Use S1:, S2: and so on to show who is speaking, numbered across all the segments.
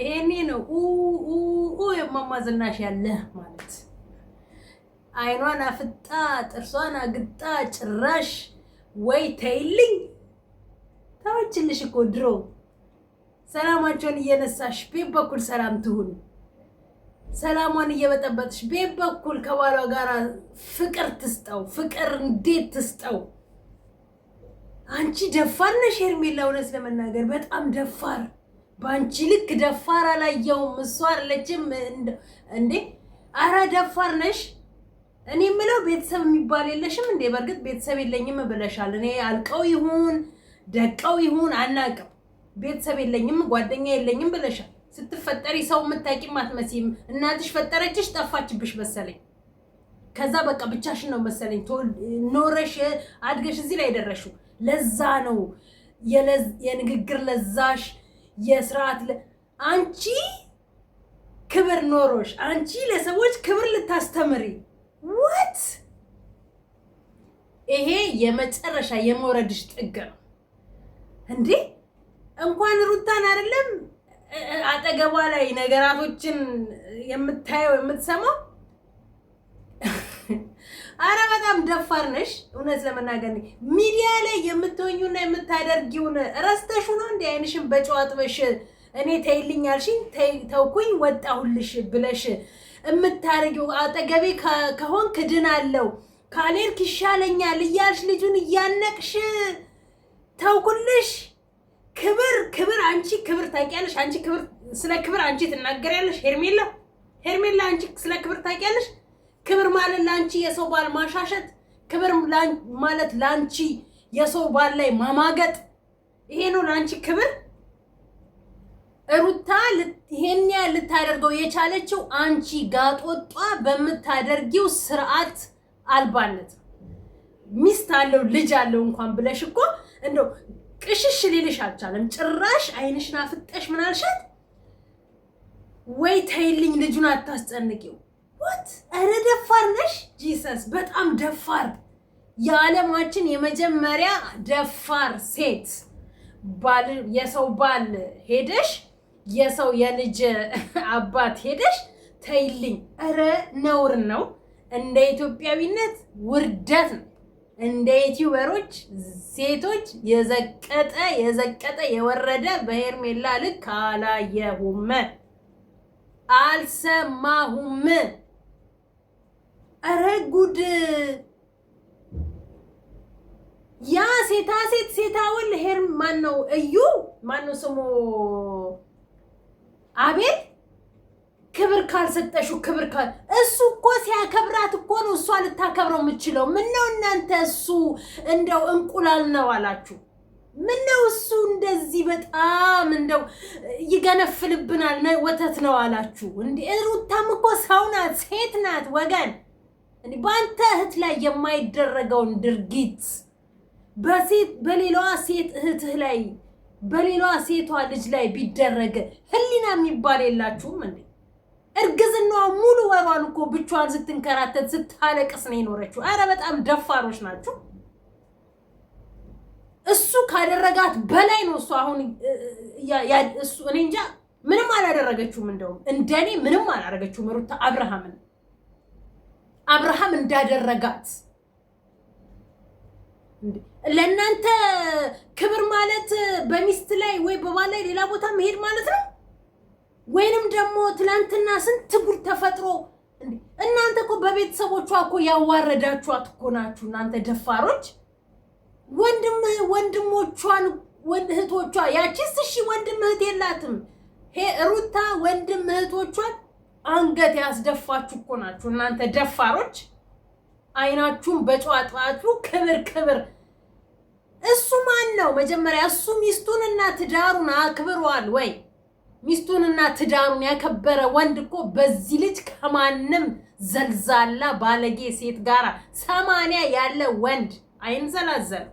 S1: ይሄኔ ነው የማማ ዝናሽ ያለ ማለት አይኗን አፍጣ ጥርሷን አግጣ ጭራሽ ወይ ተይልኝ ታወችልሽ እኮ ድሮ ሰላማቸውን እየነሳሽ ቤት በኩል ሰላም ትሁን ሰላሟን እየበጠበጥሽ ቤት በኩል ከባሏ ጋር ፍቅር ትስጠው። ፍቅር እንዴት ትስጠው? አንቺ ደፋር ነሽ ሄርሜላ፣ እውነት ለመናገር በጣም ደፋር በአንቺ ልክ ደፋር አላየውም። እሷ አለችም እንዴ? አረ ደፋር ነሽ። እኔ የምለው ቤተሰብ የሚባል የለሽም እንዴ? በእርግጥ ቤተሰብ የለኝም ብለሻል። እኔ አልቀው ይሁን ደቀው ይሁን አናውቅም። ቤተሰብ የለኝም ጓደኛ የለኝም ብለሻል። ስትፈጠሪ ሰው የምታውቂም አትመስይም። እናትሽ ፈጠረችሽ፣ ጠፋችብሽ መሰለኝ። ከዛ በቃ ብቻሽን ነው መሰለኝ ኖረሽ አድገሽ እዚህ ላይ ደረሽው። ለዛ ነው የንግግር ለዛሽ የስርዓት አንቺ ክብር ኖሮሽ አንቺ ለሰዎች ክብር ልታስተምሪ ወት ይሄ የመጨረሻ የመውረድሽ ጥግ ነው እንዴ! እንኳን ሩታን አይደለም አጠገቧ ላይ ነገራቶችን የምታየው የምትሰማው አረ በጣም ደፋር ነሽ። እውነት ለመናገር ሚዲያ ላይ የምትወኙና የምታደርጊውን ረስተሽ ነው እንደ አይንሽን በጨዋጥበሽ እኔ ተይልኝ አልሽኝ ተውኩኝ ወጣሁልሽ ብለሽ የምታደርጊው አጠገቤ ከሆን ክድን አለው ካልሄድክ ይሻለኛል እያልሽ ልጁን እያነቅሽ ተውኩልሽ። ክብር ክብር፣ አንቺ ክብር ታውቂያለሽ። አንቺ ክብር ስለ ክብር አንቺ ትናገሪያለሽ። ሄርሜላ ሄርሜላ፣ አንቺ ስለ ክብር ታውቂያለሽ። ክብር ማለት ለአንቺ የሰው ባል ማሻሸት፣ ክብር ማለት ለአንቺ የሰው ባል ላይ ማማገጥ፣ ይሄ ነው ለአንቺ ክብር። ሩታ ይሄን ያህል ልታደርገው የቻለችው አንቺ ጋጦጧ በምታደርጊው ስርዓት አልባነት ሚስት አለው ልጅ አለው እንኳን ብለሽ እኮ እንደው ቅሽሽ ሊልሽ አልቻለም። ጭራሽ ዓይንሽን አፍጠሽ ምናልሻት ወይ ተይልኝ፣ ልጁን አታስጨንቂው። ወት ኧረ ደፋር ነሽ ጂሰስ፣ በጣም ደፋር የዓለማችን የመጀመሪያ ደፋር ሴት ባል የሰው ባል ሄደሽ የሰው የልጅ አባት ሄደሽ ተይልኝ። ኧረ ነውር ነው። እንደ ኢትዮጵያዊነት ውርደት ነው። እንደ ዩቲዩበሮች ሴቶች የዘቀጠ የዘቀጠ የወረደ በሄርሜላ ልክ አላየሁም፣ አልሰማሁም። እረ ጉድ! ያ ሴታ ሴት ሴታውን ሄር ማን ነው? እዩ ማን ነው ስሙ? አቤል ክብር ካልሰጠሽው ክብር ካል እሱ እኮ ሲያከብራት እኮ ነው እሷ ልታከብረው የምችለው። ምነው እናንተ እሱ እንደው እንቁላል ነው አላችሁ? ምነው እሱ እንደዚህ በጣም እንደው ይገነፍልብናል ወተት ነው አላችሁ? እንደ ሩታም እኮ ሰው ናት፣ ሴት ናት ወገን በአንተ እህት ላይ የማይደረገውን ድርጊት በሴት በሌላዋ ሴት እህትህ ላይ በሌላዋ ሴቷ ልጅ ላይ ቢደረግ ህሊና የሚባል የላችሁም እንዴ? እርግዝናዋ ሙሉ ወሯን እኮ ብቻዋን ስትንከራተት ስታለቅስ ነው የኖረችው። አረ በጣም ደፋሮች ናችሁ። እሱ ካደረጋት በላይ ነው። እሱ አሁን እኔ እንጃ ምንም አላደረገችውም። እንደውም እንደኔ ምንም አላደረገችውም ሩታ አብርሃምን አብርሃም እንዳደረጋት ለእናንተ ክብር ማለት በሚስት ላይ ወይ በባል ላይ ሌላ ቦታ መሄድ ማለት ነው። ወይንም ደግሞ ትናንትና ስንት ጉድ ተፈጥሮ እናንተ እኮ በቤተሰቦቿ እኮ ያዋረዳችኋት እኮ ናችሁ እናንተ ደፋሮች። ወንድም ወንድሞቿን እህቶቿ ያቺስ እሺ ወንድም እህት የላትም ሩታ ወንድ አንገት ያስደፋችሁ እኮ ናችሁ እናንተ ደፋሮች። አይናችሁን በጨዋታችሁ ክብር ክብር። እሱ ማን ነው? መጀመሪያ እሱ ሚስቱንና ትዳሩን አክብሯል ወይ? ሚስቱንና ትዳሩን ያከበረ ወንድ እኮ በዚህ ልጅ ከማንም ዘልዛላ ባለጌ ሴት ጋር ሰማንያ ያለ ወንድ አይንዘላዘል።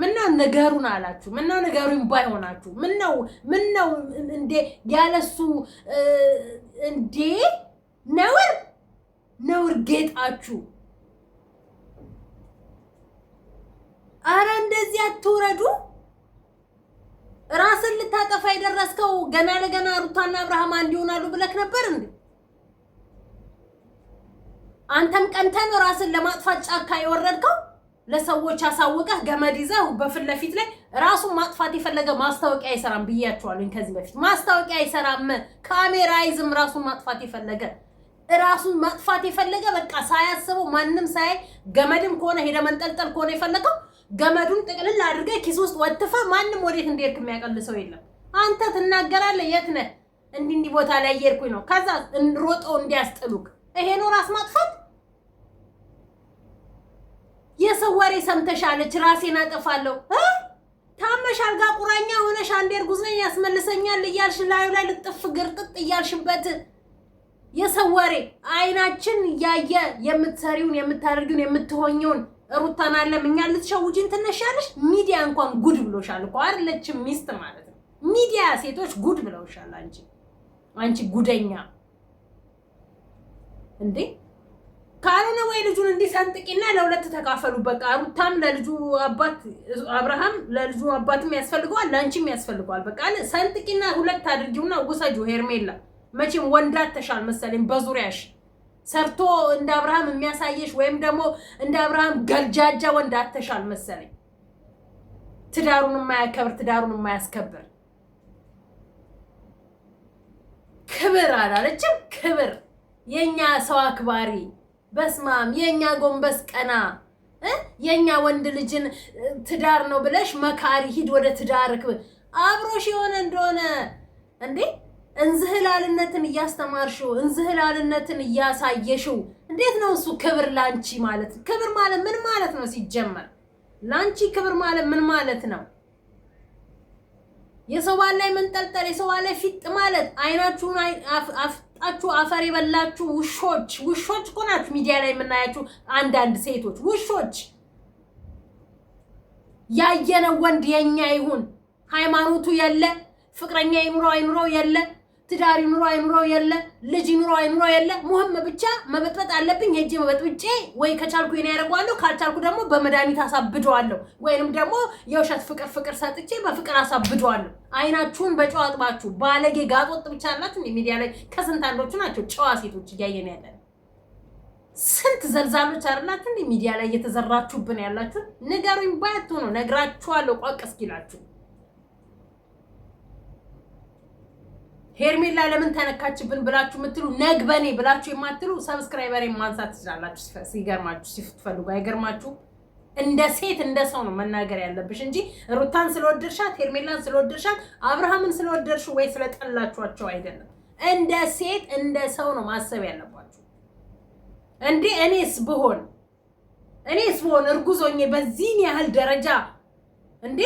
S1: ምና ንገሩን አላችሁ፣ ምና ንገሩን ባይሆናችሁ፣ ምነው ምነው እንዴ ያለሱ እንዴ ነውር ነውር ጌጣችሁ። አረ እንደዚህ አትውረዱ። ራስን ልታጠፋ የደረስከው ገና ለገና ሩታና አብርሃም አንድ ይሆናሉ ብለክ ነበር እንዴ? አንተም ቀንተን ራስን ለማጥፋት ጫካ የወረድከው ለሰዎች አሳውቀህ ገመድ ይዘህ በፊት ለፊት ላይ ራሱን ማጥፋት የፈለገ ማስታወቂያ አይሰራም ብያቸዋለኝ። ከዚህ በፊት ማስታወቂያ አይሰራም። ካሜራ አይዝም። ራሱን ማጥፋት የፈለገ ራሱን ማጥፋት የፈለገ በቃ ሳያስበው ማንም ሳይ ገመድም ከሆነ ሄደ መንጠልጠል ከሆነ የፈለገው ገመዱን ጥቅልል አድርገ ኪስ ውስጥ ወትፈ ማንም ወዴት እንደሄድክ የሚያቀል ሰው የለም። አንተ ትናገራለህ። የት ነህ? እንዲህ እንዲህ ቦታ ላይ እየሄድኩኝ ነው። ከዛ ሮጠው እንዲያስጥሉክ። ይሄ ነው ራስ ማጥፋት። የሰው ወሬ ሰምተሻለች። ራሴን አጠፋለሁ፣ ታመሽ አልጋ ቁራኛ ሆነሽ አንዴ እርጉዝ ነኝ ያስመልሰኛል እያልሽ ላዩ ላይ ልጥፍ ግርጥጥ እያልሽበት የሰው ወሬ አይናችን እያየ የምትሰሪውን የምታደርጊውን የምትሆኘውን ሩታን አለም እኛ ልትሸውጂን ትነሻለሽ። ሚዲያ እንኳን ጉድ ብሎሻል እኮ አይደለችም ሚስት ማለት ነው። ሚዲያ ሴቶች ጉድ ብለውሻል። አንቺ አንቺ ጉደኛ እንዴ! ካልሆነ ወይ ልጁን እንዲሰንጥቂና ለሁለት ተካፈሉ። በቃ ሩታም ለልጁ አባት አብርሃም ለልጁ አባትም ያስፈልገዋል፣ ለአንቺም ያስፈልገዋል። በቃ ሰንጥቂና ሁለት አድርጊውና ውሰጁ። ሄርሜላ መቼም ወንዳት ተሻል መሰለኝ በዙሪያሽ ሰርቶ እንደ አብርሃም የሚያሳየሽ ወይም ደግሞ እንደ አብርሃም ገልጃጃ ወንድ አተሻል መሰለኝ። ትዳሩን የማያከብር ትዳሩን የማያስከብር ክብር አላለችም። ክብር የእኛ ሰው አክባሪ በስማም የእኛ ጎንበስ ቀና የእኛ ወንድ ልጅን ትዳር ነው ብለሽ መካሪ ሂድ ወደ ትዳር አብሮሽ የሆነ እንደሆነ እንዴ እንዝህላልነትን እያስተማርሽው እንዝህላልነትን እያሳየሽው እንዴት ነው እሱ ክብር ላንቺ ማለት ክብር ማለት ምን ማለት ነው ሲጀመር ላንቺ ክብር ማለት ምን ማለት ነው የሰው ባል ላይ መንጠልጠል የሰው ባል ላይ ፊጥ ማለት አይናችሁን ጣችሁ አፈር የበላችሁ ውሾች ውሾች እኮ ናችሁ። ሚዲያ ላይ የምናያችሁ አንዳንድ ሴቶች ውሾች። ያየነው ወንድ የኛ ይሁን ሃይማኖቱ የለ ፍቅረኛ ይኑረው አይኑረው የለ ትዳር ይኑሮ አይኑሮ የለ ልጅ ይኑሮ አይኑሮ የለ ሙህም ብቻ መበጥበጥ አለብኝ። የእጄ መበጥብጬ ወይ ከቻልኩ ይሄን ያደርገዋለሁ፣ ካልቻልኩ ደግሞ በመድኃኒት አሳብደዋለሁ፣ ወይንም ደግሞ የውሸት ፍቅር ፍቅር ሰጥቼ በፍቅር አሳብደዋለሁ። አይናችሁን በጨዋ አጥባችሁ ባለጌ ጋጦጥ ብቻ አላችሁ። ሚዲያ ላይ ከስንት አንዶቹ ናቸው ጨዋ ሴቶች እያየን ያለ ስንት ዘልዛሎች አላችሁ። ሚዲያ ላይ እየተዘራችሁብን ያላችሁ ንገሩኝ ባያት ሆኖ ነግራችኋለሁ ቋቅ እስኪላችሁ ሄርሜላ ለምን ተነካችብን ብላችሁ የምትሉ ነግበኔ ብላችሁ የማትሉ ሰብስክራይበር ማንሳት ትችላላችሁ። ሲገርማችሁ ሲትፈልጉ አይገርማችሁ። እንደ ሴት እንደ ሰው ነው መናገር ያለብሽ እንጂ ሩታን ስለወደድሻት፣ ሄርሜላን ስለወደድሻት፣ አብርሃምን ስለወደድሽ ወይ ስለጠላችኋቸው አይደለም። እንደ ሴት እንደ ሰው ነው ማሰብ ያለባችሁ። እንዴ እኔስ ብሆን እኔስ ብሆን እርጉዞኜ በዚህን ያህል ደረጃ እንዴ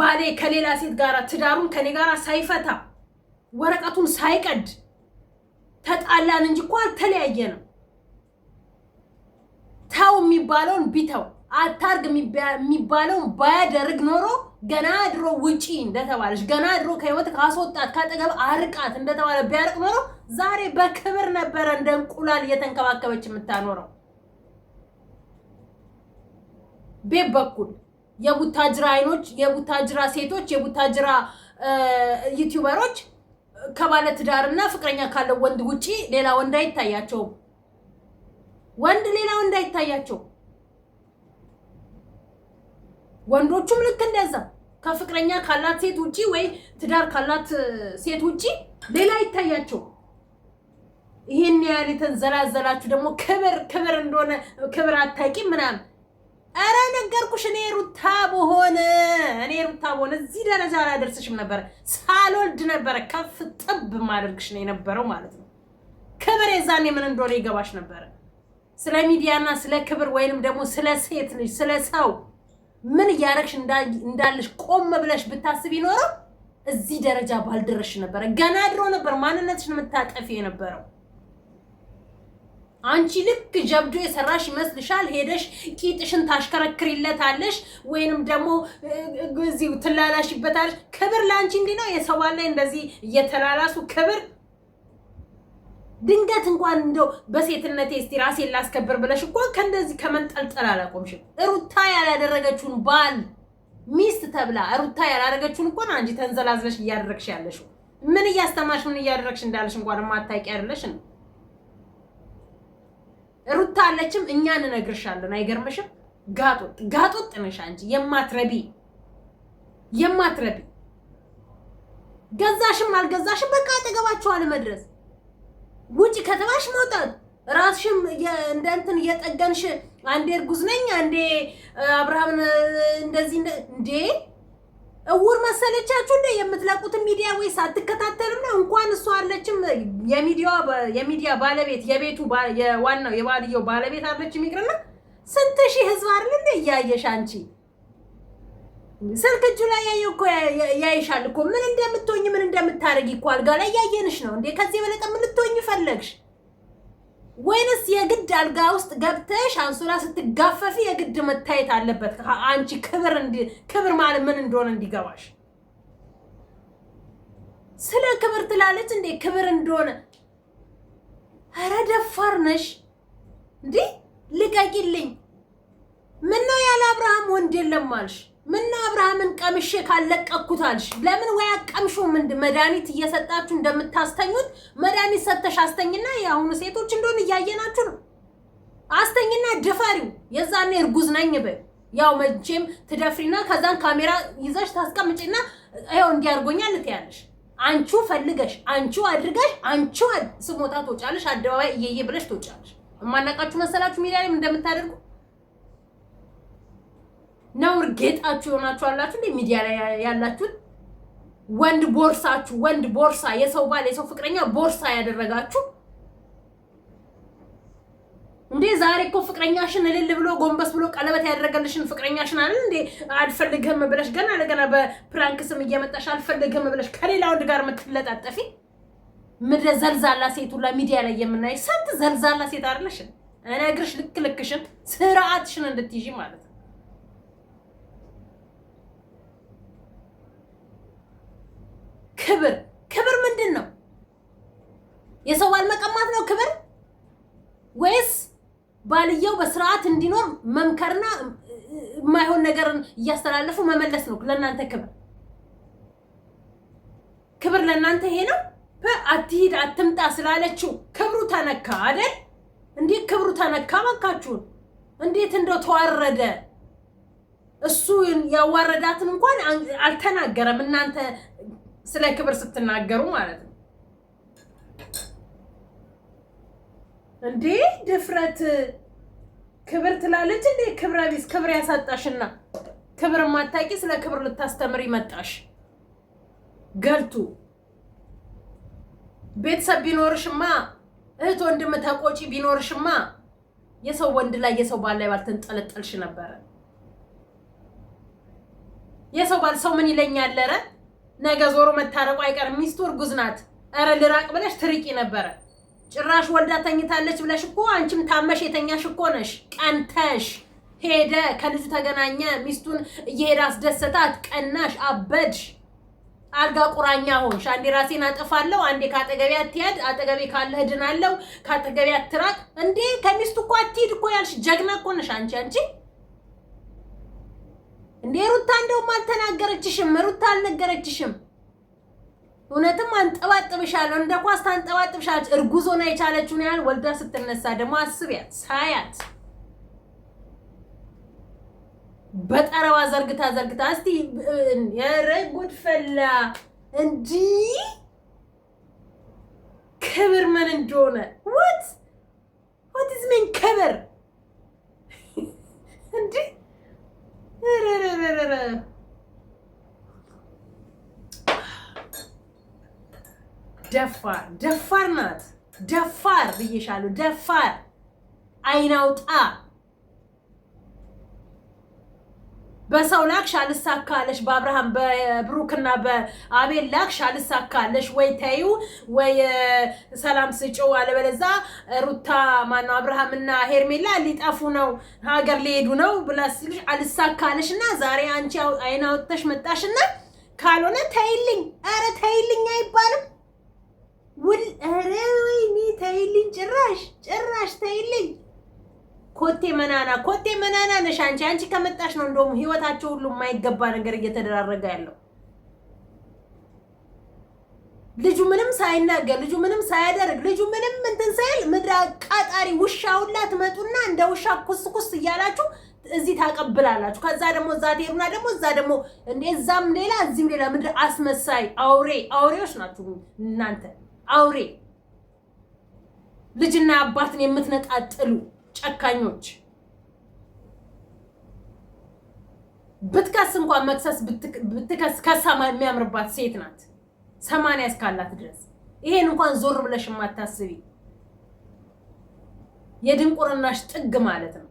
S1: ባሌ ከሌላ ሴት ጋር ትዳሩን ከኔ ጋር ሳይፈታ ወረቀቱን ሳይቀድ ተጣላን እንጂ እኮ አልተለያየ ነው። ተው የሚባለውን ቢተው አታርግ የሚባለውን ባያደርግ ኖሮ ገና ድሮ ውጪ እንደተባለች ገና ድሮ ከህይወት ካስወጣት ካጠገብ አርቃት እንደተባለ ቢያርቅ ኖሮ ዛሬ በክብር ነበረ እንደ እንቁላል እየተንከባከበች የምታኖረው። ቤት በኩል የቡታጅራ አይኖች፣ የቡታጅራ ሴቶች፣ የቡታጅራ ዩቲዩበሮች ከባለ ትዳርና ፍቅረኛ ካለው ወንድ ውጪ ሌላ ወንድ አይታያቸውም። ወንድ ሌላ ወንድ አይታያቸው። ወንዶቹም ልክ እንደዛ ከፍቅረኛ ካላት ሴት ውጪ ወይ ትዳር ካላት ሴት ውጪ ሌላ አይታያቸው። ይህን ያህል የተንዘላዘላችሁ ደግሞ ክብር ክብር እንደሆነ ክብር አታውቂም ምናምን አረ ነገርኩሽ። እኔ ሩታ በሆነ እኔ ሩታ በሆነ እዚህ ደረጃ አላደርስሽም ነበረ። ሳልወልድ ነበረ ከፍ ጥብ ማደርግሽ ነው የነበረው ማለት ነው። ክብር የዛኔ ምን እንደሆነ ይገባሽ ነበረ። ስለ ሚዲያና ስለ ክብር ወይንም ደግሞ ስለ ሴት ልጅ ስለ ሰው ምን እያደረግሽ እንዳለሽ ቆም ብለሽ ብታስብ ይኖረው እዚህ ደረጃ ባልደረስሽ ነበረ። ገና ድሮ ነበር ማንነትሽን የምታጠፊ የነበረው። አንቺ ልክ ጀብዶ የሰራሽ ይመስልሻል? ሄደሽ ቂጥሽን ታሽከረክሪለታለሽ ወይንም ደግሞ እዚሁ ትላላሽበታለሽ። ክብር ለአንቺ እንዲህ ነው። የሰው ላይ እንደዚህ እየተላላሱ ክብር ድንገት እንኳን እንደው በሴትነቴ እስቲ ራሴን ላስከብር ብለሽ እኮ ከእንደዚህ ከመንጠልጠል አላቆምሽም። ሩታ ያላደረገችውን ባል ሚስት ተብላ ሩታ ያላደረገችውን እንኳን አንቺ ተንዘላዝለሽ እያደረግሽ ያለሽው ምን እያስተማርሽ ምን እያደረግሽ እንዳለሽ እንኳን ማታውቂ አይደለሽ ነው ሩታ አለችም፣ እኛ እንነግርሻለን። አይገርምሽም? ጋጦጥ ጋጦጥ ነሽ አንቺ የማትረቢ የማትረቢ ገዛሽም አልገዛሽም በቃ አጠገባቸው አለመድረስ ውጪ ከተባሽ መውጣት ራስሽም እንደ እንትን እየጠገንሽ አንዴ እርጉዝ ነኝ አንዴ አብርሃምን እንደዚህ እንዴ እውር መሰለቻችሁ እንደ የምትለቁት ሚዲያ ወይስ አትከታተልም ነው? እንኳን እሷ አለችም የሚዲያ የሚዲያ ባለቤት የቤቱ ዋናው የባልየው ባለቤት አለች ይቅርና ስንት ሺህ ህዝብ አይደል እንደ እያየሽ አንቺ ስልክ እጁ ላይ ያየው እኮ ያይሻል እኮ ምን እንደምትሆኝ ምን እንደምታደርጊ እኮ አልጋ ላይ ያየንሽ ነው እንዴ። ከዚህ በለጠ ምን ልትሆኝ ፈለግሽ? ወይንስ የግድ አልጋ ውስጥ ገብተሽ አንሶላ ስትጋፈፊ የግድ መታየት አለበት? አንቺ ክብር ማለት ምን እንደሆነ እንዲገባሽ። ስለ ክብር ትላለች እንዴ ክብር እንደሆነ። ኧረ ደፋር ነሽ እንዲህ ልቀቂልኝ። ምነው ያለ አብርሃም ወንድ የለም አልሽ? ምና አብርሃምን ቀምሼ ካለቀኩት አልሽ። ለምን ወይ አቀምሹ ምንድ መድኃኒት እየሰጣችሁ እንደምታስተኙት መድኃኒት ሰተሽ አስተኝና፣ የአሁኑ ሴቶች እንደሆን እያየናችሁ ነው። አስተኝና ድፈሪው፣ የዛኔ እርጉዝ ነኝ በይ። ያው መቼም ትደፍሪና ከዛን ካሜራ ይዘሽ ታስቀምጪና ይኸው እንዲያርጎኛል ልትያለሽ አንቺ ፈልገሽ አንቺ አድርገሽ አንቺ ስሞታ ትወጫለሽ። አደባባይ እየየ ብለሽ ትወጫለሽ። እማናቃችሁ መሰላችሁ ሚዲያ ላይ እንደምታደርጉ ነውር ጌጣችሁ የሆናችሁ አላችሁ እንዴ? ሚዲያ ላይ ያላችሁት ወንድ ቦርሳችሁ ወንድ ቦርሳ የሰው ባል የሰው ፍቅረኛ ቦርሳ ያደረጋችሁ እንዴ? ዛሬ እኮ ፍቅረኛሽን እልል ብሎ ጎንበስ ብሎ ቀለበት ያደረገልሽን ፍቅረኛሽን አለ እንዴ? አልፈልግህም ብለሽ ገና ለገና በፕራንክ ስም እየመጣሽ አልፈልግህም ብለሽ ከሌላ ወንድ ጋር የምትለጣጠፊ ምድረ ዘልዛላ ሴቱ ላይ ሚዲያ ላይ የምናይ ሰት ዘልዛላ ሴት አይደለሽ? እነግርሽ ልክ ልክሽን ስርዓትሽን እንድትይዢ ማለት ነው። ክብር ክብር ምንድን ነው? የሰው ባል መቀማት ነው ክብር? ወይስ ባልየው በስርዓት እንዲኖር መምከርና የማይሆን ነገርን እያስተላለፉ መመለስ ነው ለእናንተ ክብር? ክብር ለእናንተ ይሄ ነው? አትሂድ አትምጣ ስላለችው ክብሩ ተነካ አይደል? እንዴት ክብሩ ተነካ? እባካችሁን እንዴት እንደው ተዋረደ። እሱ ያዋረዳትን እንኳን አልተናገረም። እናንተ ስለ ክብር ስትናገሩ ማለት ነው። እንዴ ድፍረት ክብር ትላለች እንዴ! ክብረ ቢስ ክብር ያሳጣሽና ክብር ማታቂ ስለ ክብር ልታስተምር ይመጣሽ ገልቱ። ቤተሰብ ቢኖርሽማ እህት ወንድም ተቆጪ ቢኖርሽማ የሰው ወንድ ላይ የሰው ባል ላይ ባልተንጠለጠልሽ ነበረ። የሰው ባል ሰው ምን ይለኛል? ነገ ዞሮ መታረቁ አይቀርም። ሚስቱ እርጉዝ ናት። ኧረ ልራቅ ብለሽ ትርቂ ነበረ። ጭራሽ ወልዳ ተኝታለች ብለሽ እኮ አንቺም ታመሽ የተኛሽ እኮ ነሽ። ቀንተሽ ሄደ፣ ከልጁ ተገናኘ፣ ሚስቱን እየሄደ አስደሰታት፣ ቀናሽ፣ አበድሽ፣ አልጋ ቁራኛ ሆንሽ። አንዴ ራሴን አጠፋለሁ፣ አንዴ ከአጠገቤ አትያድ፣ አጠገቤ ካለህ እድናለሁ፣ ከአጠገቤ አትራቅ። እንዴ ከሚስቱ እኮ አትሂድ እኮ ያልሽ ጀግና እኮ ነሽ አንቺ አንቺ እንዴ ሩታ እንደውም አልተናገረችሽም። ሩታ አልነገረችሽም። እውነትም አንጠባጥብሻለሁ፣ እንደ ኳስ ታንጠባጥብሻለች። እርጉዝ ሆና የቻለችውን ያህል ወልዳ ስትነሳ ደግሞ አስቢያት፣ ሳያት በጠረባ ዘርግታ ዘርግታ እስቲ ኧረ ጉድ ፈላ። እንዲህ ክብር ምን እንደሆነ ወት ወት ኢዝ ሚን ክብር እንዴ ደፋር ደፋር ናት። ደፋር ብዬሻለሁ። ደፋር አይናውጣ በሰው ላክሽ አልሳካለሽ፣ በአብርሃም በብሩክና በአቤል ላክሽ አልሳካለሽ። ወይ ተዩ ወይ ሰላም ስጭው፣ አለበለዛ ሩታ ማነው አብርሃምና ሄርሜላ ሊጠፉ ነው ሀገር ሊሄዱ ነው ብላ ስልሽ አልሳካለሽ እና ዛሬ አንቺ አይን አውጥተሽ መጣሽና ካልሆነ ተይልኝ፣ ኧረ ተይልኝ አይባልም። ውል ኧረ ወይኔ ተይልኝ፣ ጭራሽ ጭራሽ ተይልኝ። ኮቴ መናና ኮቴ መናና ነሽ አንቺ አንቺ ከመጣሽ ነው እንደውም ህይወታቸው ሁሉ የማይገባ ነገር እየተደራረገ ያለው ልጁ ምንም ሳይናገር ልጁ ምንም ሳያደርግ ልጁ ምንም እንትን ሳይል ምድረ አቃጣሪ ውሻ ሁላ ትመጡና እንደ ውሻ ኩስ ኩስ እያላችሁ እዚህ ታቀብላላችሁ። ከዛ ደግሞ እዛ ትሄዱና ደግሞ እዛ ደግሞ እዛም ሌላ እዚህም ሌላ ምድረ አስመሳይ አውሬ አውሬዎች ናችሁ እናንተ አውሬ ልጅና አባትን የምትነጣጥሉ ጨካኞች ብትከስ እንኳን መክሰስ ብትከስ ከሳማ የሚያምርባት ሴት ናት፣ ሰማንያ እስካላት ድረስ ይሄን እንኳን ዞር ብለሽ የማታስቢ የድንቁርናሽ ጥግ ማለት ነው።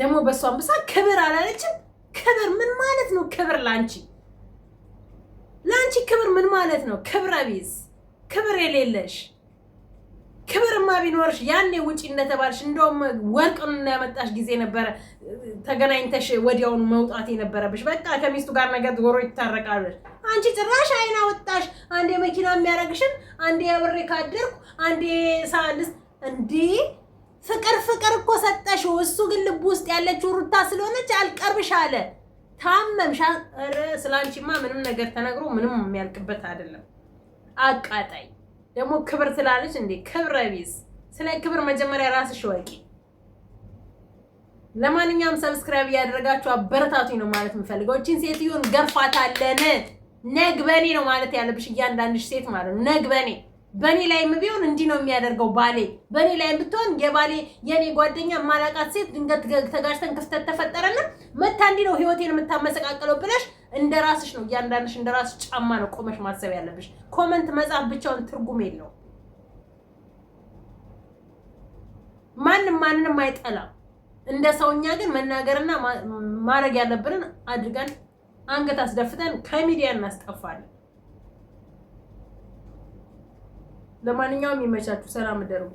S1: ደግሞ በእሷን ብሳ ክብር አላለችም። ክብር ምን ማለት ነው? ክብር ላንቺ ላንቺ ክብር ምን ማለት ነው? ክብረ ቢስ ክብር የሌለሽ ክብርማ ቢኖርሽ ያኔ ውጪ እንደተባልሽ እንደውም ወርቅን ያመጣሽ ጊዜ ነበረ ተገናኝተሽ ወዲያውን መውጣት የነበረብሽ። በቃ ከሚስቱ ጋር ነገር ዞሮ ይታረቃሉ። አንቺ ጭራሽ አይና ወጣሽ። አንዴ መኪና የሚያደርግሽን፣ አንዴ አብሬ ካደርኩ፣ አንዴ ሳልስ እንዲ ፍቅር ፍቅር እኮ ሰጠሽ። እሱ ግን ልብ ውስጥ ያለችው ሩታ ስለሆነች አልቀርብሽ አለ። ታመምሽ። ስላንቺማ ምንም ነገር ተነግሮ ምንም የሚያልቅበት አይደለም። አቃጣይ ደግሞ ክብር ትላለች እንዴ? ክብረ ቢዝ ስለ ክብር መጀመሪያ ራስሽ ወቂ። ለማንኛውም ሰብስክራይብ እያደረጋችሁ አበረታቱኝ ነው ማለት የምፈልገው። እቺን ሴትዮን ገርፋታለን። ነግበኔ ነው ማለት ያለብሽ እያንዳንድሽ ሴት ማለት ነው። ነግበኔ በእኔ ላይም ቢሆን እንዲህ ነው የሚያደርገው ባሌ። በእኔ ላይም ብትሆን የባሌ የእኔ ጓደኛ ማላቃት ሴት ድንገት ተጋጅተን ክፍተት ተፈጠረና መታ እንዲህ ነው ህይወቴን የምታመሰቃቀለው ብለሽ እንደ ራስሽ ነው እያንዳንድሽ እንደ ራስሽ ጫማ ነው ቆመሽ ማሰብ ያለብሽ። ኮመንት መጻፍ ብቻውን ትርጉም የለው። ማንም ማንንም አይጠላም። እንደ ሰውኛ ግን መናገርና ማድረግ ያለብንን አድርገን አንገት አስደፍተን ከሚዲያ እናስጠፋለን። ለማንኛውም ይመቻችሁ። ሰላም እደርጉ።